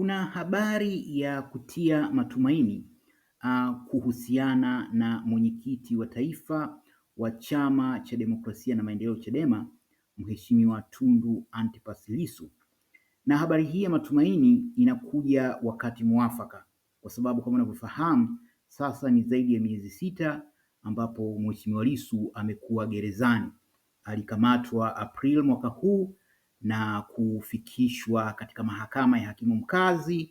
Kuna habari ya kutia matumaini uh, kuhusiana na mwenyekiti wa taifa wa Chama cha Demokrasia na Maendeleo Chadema, Mheshimiwa Tundu Antipas Lissu. Na habari hii ya matumaini inakuja wakati mwafaka, kwa sababu kama unavyofahamu sasa ni zaidi ya miezi sita ambapo Mheshimiwa Lissu amekuwa gerezani. Alikamatwa april mwaka huu na kufikishwa katika mahakama ya hakimu mkazi.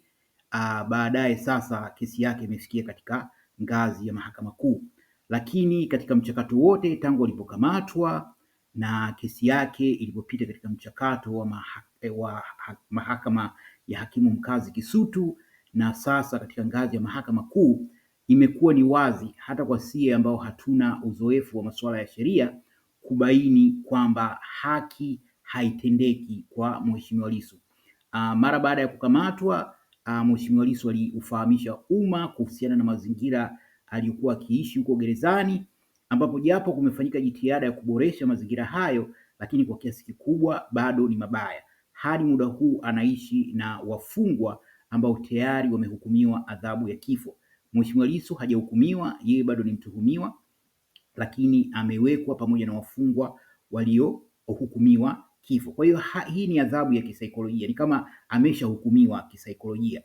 Ah, baadaye sasa kesi yake imefikia katika ngazi ya mahakama kuu, lakini katika mchakato wote tangu alipokamatwa na kesi yake ilipopita katika mchakato wa, maha, wa ha, mahakama ya hakimu mkazi Kisutu na sasa katika ngazi ya mahakama kuu, imekuwa ni wazi hata kwa sie ambao hatuna uzoefu wa masuala ya sheria kubaini kwamba haki haitendeki kwa Mheshimiwa Lissu. Uh, mara baada ya kukamatwa uh, Mheshimiwa Lissu aliufahamisha umma kuhusiana na mazingira aliyokuwa akiishi huko gerezani, ambapo japo kumefanyika jitihada ya kuboresha mazingira hayo, lakini kwa kiasi kikubwa bado ni mabaya. Hadi muda huu anaishi na wafungwa ambao tayari wamehukumiwa adhabu ya kifo. Mheshimiwa Lissu hajahukumiwa, yeye bado ni mtuhumiwa, lakini amewekwa pamoja na wafungwa waliohukumiwa kifo. Kwa hiyo hii ni adhabu ya kisaikolojia, ni kama ameshahukumiwa kisaikolojia.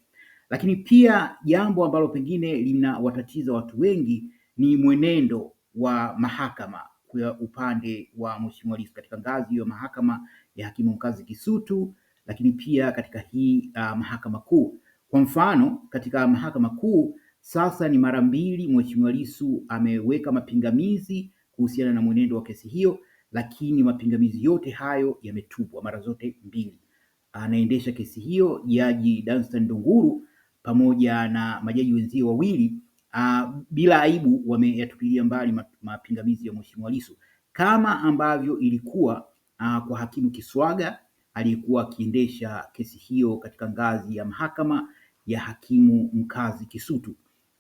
Lakini pia jambo ambalo pengine linawatatiza watu wengi ni mwenendo wa mahakama kwa upande wa Mheshimiwa Lissu katika ngazi ya mahakama ya hakimu mkazi Kisutu, lakini pia katika hii uh, mahakama kuu. Kwa mfano, katika mahakama kuu sasa ni mara mbili Mheshimiwa Lissu ameweka mapingamizi kuhusiana na mwenendo wa kesi hiyo, lakini mapingamizi yote hayo yametupwa mara zote mbili. Anaendesha kesi hiyo Jaji Danstan Ndunguru pamoja na majaji wenzio wawili uh, bila aibu wameyatupilia mbali mapingamizi ya Mheshimiwa Lissu kama ambavyo ilikuwa uh, kwa hakimu Kiswaga aliyekuwa akiendesha kesi hiyo katika ngazi ya mahakama ya hakimu mkazi Kisutu.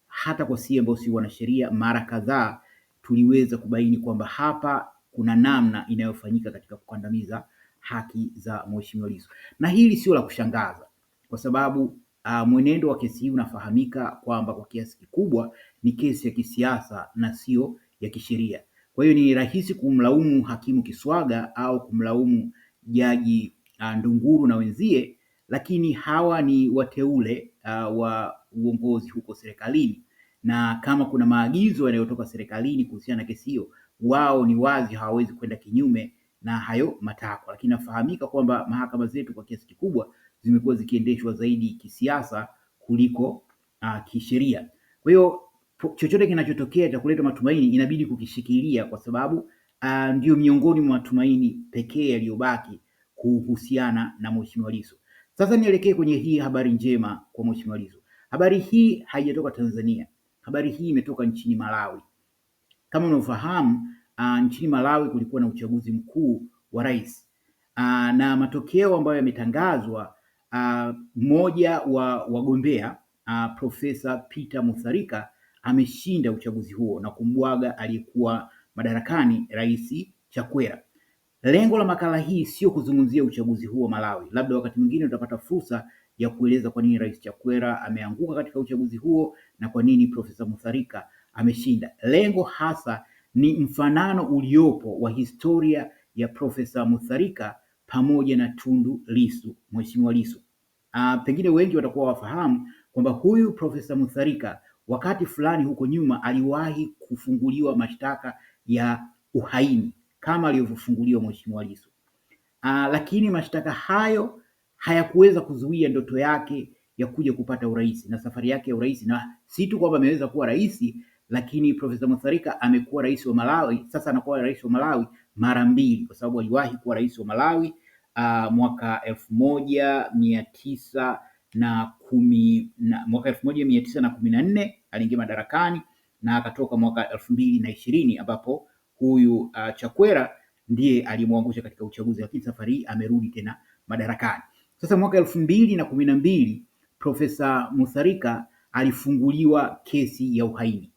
Hata kwa sie ambao si wanasheria, mara kadhaa tuliweza kubaini kwamba hapa kuna namna inayofanyika katika kukandamiza haki za Mheshimiwa Lissu, na hili sio la kushangaza kwa sababu uh, mwenendo wa kesi hii unafahamika kwamba kwa kiasi kikubwa ni kesi ya kisiasa na sio ya kisheria. Kwa hiyo ni rahisi kumlaumu hakimu Kiswaga au kumlaumu jaji uh, Ndunguru na wenzie, lakini hawa ni wateule uh, wa uongozi huko serikalini, na kama kuna maagizo yanayotoka serikalini kuhusiana na kesi hiyo wao ni wazi hawawezi kwenda kinyume na hayo matakwa, lakini nafahamika kwamba mahakama zetu kwa kiasi kikubwa zimekuwa zikiendeshwa zaidi kisiasa kuliko uh, kisheria. Kwa hiyo chochote kinachotokea cha kuleta matumaini inabidi kukishikilia kwa sababu uh, ah, ndiyo miongoni mwa matumaini pekee yaliyobaki kuhusiana na Mheshimiwa Lissu. Sasa nielekee kwenye hii habari njema kwa Mheshimiwa Lissu. Habari hii haijatoka Tanzania. Habari hii imetoka nchini Malawi. Kama unavyofahamu uh, nchini Malawi kulikuwa na uchaguzi mkuu wa rais uh, na matokeo ambayo yametangazwa, uh, mmoja wa wagombea uh, Profesa Peter Mutharika ameshinda uchaguzi huo na kumbwaga aliyekuwa madarakani Rais Chakwera. Lengo la makala hii sio kuzungumzia uchaguzi huo Malawi, labda wakati mwingine utapata fursa ya kueleza kwa nini Rais Chakwera ameanguka katika uchaguzi huo na kwa nini Profesa Mutharika ameshinda. Lengo hasa ni mfanano uliopo wa historia ya Profesa Mutharika pamoja na Tundu Lisu, Mheshimiwa Lissu. Uh, pengine wengi watakuwa wafahamu kwamba huyu Profesa Mutharika wakati fulani huko nyuma aliwahi kufunguliwa mashtaka ya uhaini kama alivyofunguliwa Mheshimiwa Lissu. Uh, lakini mashtaka hayo hayakuweza kuzuia ndoto yake ya kuja kupata urais na safari yake ya urais, na si tu kwamba ameweza kuwa rais, lakini Profesa Mutharika amekuwa rais wa Malawi, sasa anakuwa rais wa Malawi mara mbili, kwa sababu aliwahi kuwa rais wa Malawi uh, mwaka elfu moja mia tisa na kumi na mwaka elfu moja mia tisa na kumi na nne aliingia madarakani na akatoka mwaka elfu mbili na ishirini ambapo huyu uh, Chakwera ndiye aliyemwangusha katika uchaguzi, lakini safari hii amerudi tena madarakani. Sasa mwaka elfu mbili na kumi na mbili Profesa Mutharika alifunguliwa kesi ya uhaini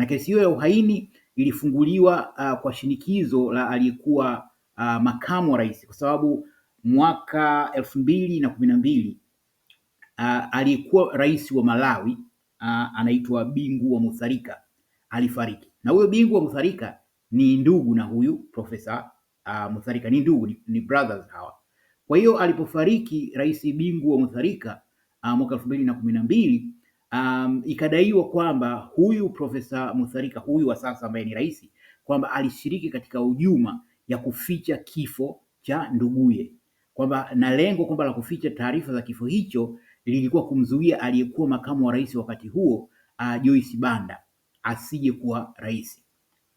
na kesi hiyo ya uhaini ilifunguliwa uh, kwa shinikizo la aliyekuwa uh, makamu wa rais, kwa sababu mwaka elfu mbili na kumi na mbili uh, aliyekuwa rais wa Malawi uh, anaitwa Bingu wa Mutharika alifariki, na huyo Bingu wa Mutharika ni ndugu na huyu profesa uh, Mutharika ni ndugu, ni, ni brothers hawa. Kwa hiyo alipofariki Rais Bingu wa Mutharika uh, mwaka elfu mbili na kumi na mbili um, ikadaiwa kwamba huyu Profesa Mutharika huyu wa sasa ambaye ni rais, kwamba alishiriki katika hujuma ya kuficha kifo cha nduguye, kwamba na lengo kwamba la kuficha taarifa za kifo hicho lilikuwa kumzuia aliyekuwa makamu wa rais wakati huo uh, Joyce Banda asije kuwa rais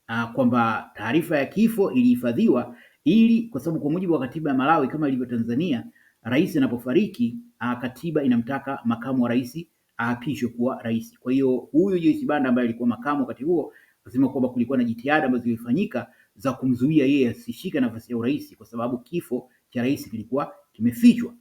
uh, kwamba taarifa ya kifo ilihifadhiwa ili kwa sababu kwa mujibu wa katiba ya Malawi kama ilivyo Tanzania, rais anapofariki katiba inamtaka makamu wa rais aapishwe kuwa rais. Kwa hiyo huyu Joyce Banda ambaye alikuwa makamu wakati huo akasema kwamba kulikuwa na jitihada ambazo zilifanyika za kumzuia yeye asishike nafasi ya urais kwa sababu kifo cha rais kilikuwa kimefichwa.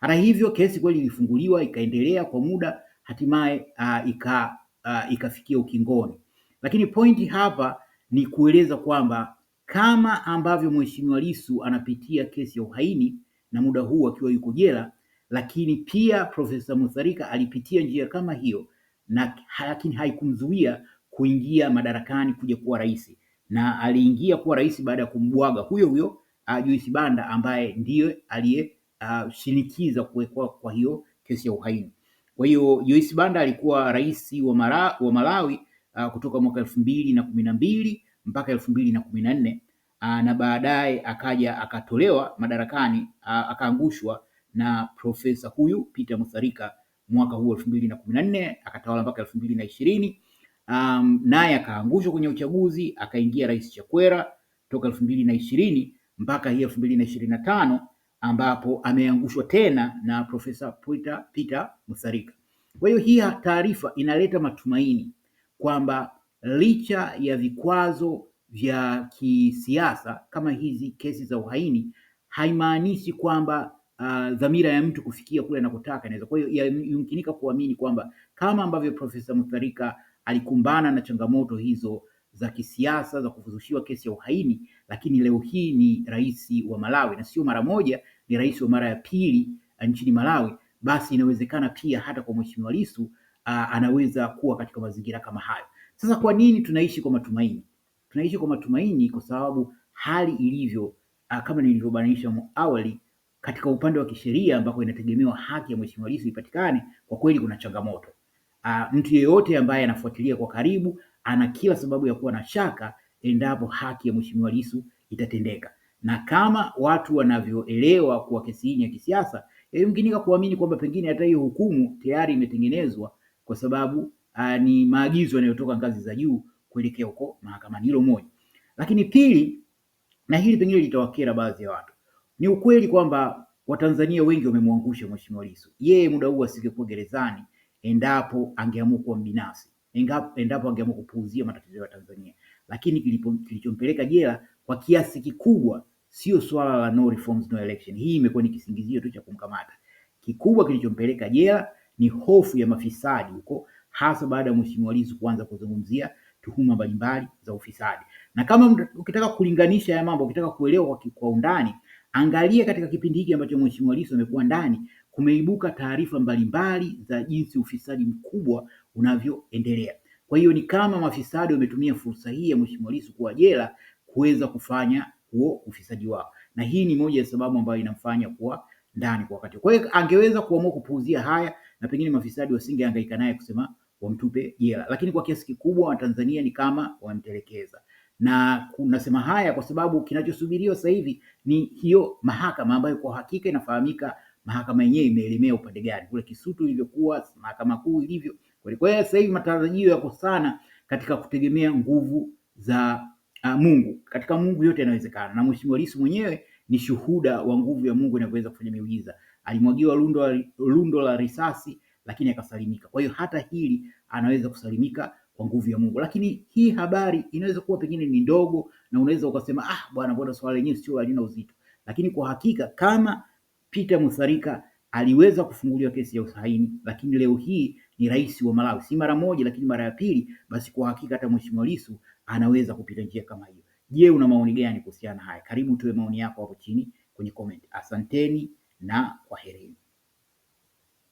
Hata hivyo, kesi kweli ilifunguliwa ikaendelea kwa muda, hatimaye uh, ika, uh, ikafikia ukingoni, lakini pointi hapa ni kueleza kwamba kama ambavyo Mheshimiwa Lissu anapitia kesi ya uhaini na muda huu akiwa yuko jela, lakini pia Profesa Mutharika alipitia njia kama hiyo na lakini haikumzuia kuingia madarakani kuja kuwa rais, na aliingia kuwa rais baada ya kumbwaga huyo huyo uh, Joyce Banda ambaye ndiye aliyeshinikiza uh, kuwekwa kwa hiyo kesi ya uhaini. Kwa hiyo Joyce Banda alikuwa rais wa, Mara, wa Malawi uh, kutoka mwaka elfu mbili na kumi na mbili mpaka elfu mbili na kumi na nne uh, na baadaye akaja akatolewa madarakani uh, akaangushwa na profesa huyu Peter Mutharika mwaka huu elfu mbili na kumi na nne akatawala mpaka elfu mbili na ishirini um, naye akaangushwa kwenye uchaguzi akaingia Rais Chakwera toka elfu mbili na ishirini mpaka hii elfu mbili na ishirini na tano ambapo ameangushwa tena na profesa Peter, Peter Mutharika. Kwa hiyo hii taarifa inaleta matumaini kwamba licha ya vikwazo vya kisiasa kama hizi kesi za uhaini haimaanishi kwamba uh, dhamira ya mtu kufikia kule anakotaka inaweza. Kwa hiyo yumkinika kuamini kwamba kama ambavyo Profesa Mutharika alikumbana na changamoto hizo za kisiasa za kufuzushiwa kesi ya uhaini, lakini leo hii ni rais wa Malawi na sio mara moja, ni rais wa mara ya pili uh, nchini Malawi, basi inawezekana pia hata kwa Mheshimiwa Lissu uh, anaweza kuwa katika mazingira kama hayo. Sasa kwa nini tunaishi kwa matumaini? Tunaishi kwa matumaini kwa sababu hali ilivyo, uh, kama nilivyobainisha awali katika upande wa kisheria ambako inategemewa haki ya mheshimiwa Lissu ipatikane, kwa kweli kuna changamoto. Uh, mtu yeyote ambaye anafuatilia kwa karibu ana kila sababu ya kuwa na shaka endapo haki ya mheshimiwa Lissu itatendeka, na kama watu wanavyoelewa kuwa kesi hii ya kisiasa, yamkinika kuamini kwamba pengine hata hiyo hukumu tayari imetengenezwa kwa sababu uh, ni maagizo yanayotoka ngazi za juu kuelekea huko mahakamani. Hilo moja, lakini pili, na hili pengine litawakera baadhi ya watu ni ukweli kwamba Watanzania wengi wamemwangusha Mheshimiwa Lissu. Yeye muda huu asingekuwa gerezani endapo angeamua kuwa mbinafsi, endapo angeamua kupuuzia matatizo ya Tanzania. Lakini kilichompeleka jela kwa kiasi kikubwa sio swala la no reforms no election. Hii imekuwa ni kisingizio tu cha kumkamata. Kikubwa kilichompeleka jela ni hofu ya mafisadi huko, hasa baada ya Mheshimiwa Lissu kuanza kuzungumzia tuhuma mbalimbali za ufisadi. Na kama ukitaka kulinganisha haya mambo, ukitaka kuelewa kwa undani Angalia katika kipindi hiki ambacho Mheshimiwa Lissu amekuwa ndani, kumeibuka taarifa mbalimbali za jinsi ufisadi mkubwa unavyoendelea. Kwa hiyo ni kama mafisadi wametumia fursa hii ya Mheshimiwa Lissu kuwa jela kuweza kufanya huo ufisadi wao, na hii ni moja ya sababu ambayo inamfanya kuwa ndani kwa wakati. Kwa hiyo angeweza kuamua kupuuzia haya na pengine mafisadi wasingehangaika naye kusema wamtupe jela, lakini kwa kiasi kikubwa Watanzania ni kama wamtelekeza na unasema haya kwa sababu kinachosubiriwa sasa hivi ni hiyo mahakama ambayo kwa hakika inafahamika, mahakama yenyewe imeelemea upande gani, kule Kisutu ilivyokuwa mahakama kuu ilivyo. Kwa hiyo sasa hivi matarajio yako sana katika kutegemea nguvu za uh, Mungu. Katika Mungu yote yanawezekana, na Mheshimiwa Lissu mwenyewe ni shuhuda wa nguvu ya Mungu inavyoweza kufanya miujiza. Alimwagiwa lundo, lundo la risasi lakini akasalimika. Kwa hiyo hata hili anaweza kusalimika kwa nguvu ya Mungu. Lakini hii habari inaweza kuwa pengine ni ndogo, na unaweza ukasema ah, bwana, mbona swala lenyewe sio halina uzito. Lakini kwa hakika kama Peter Mutharika aliweza kufunguliwa kesi ya uhaini, lakini leo hii ni rais wa Malawi, si mara moja, lakini mara ya pili, basi kwa hakika hata Mheshimiwa Lissu anaweza kupita njia kama hiyo. Je, una maoni gani kuhusiana haya? Karibu tuwe maoni yako hapo chini kwenye comment. Asanteni na kwaherini.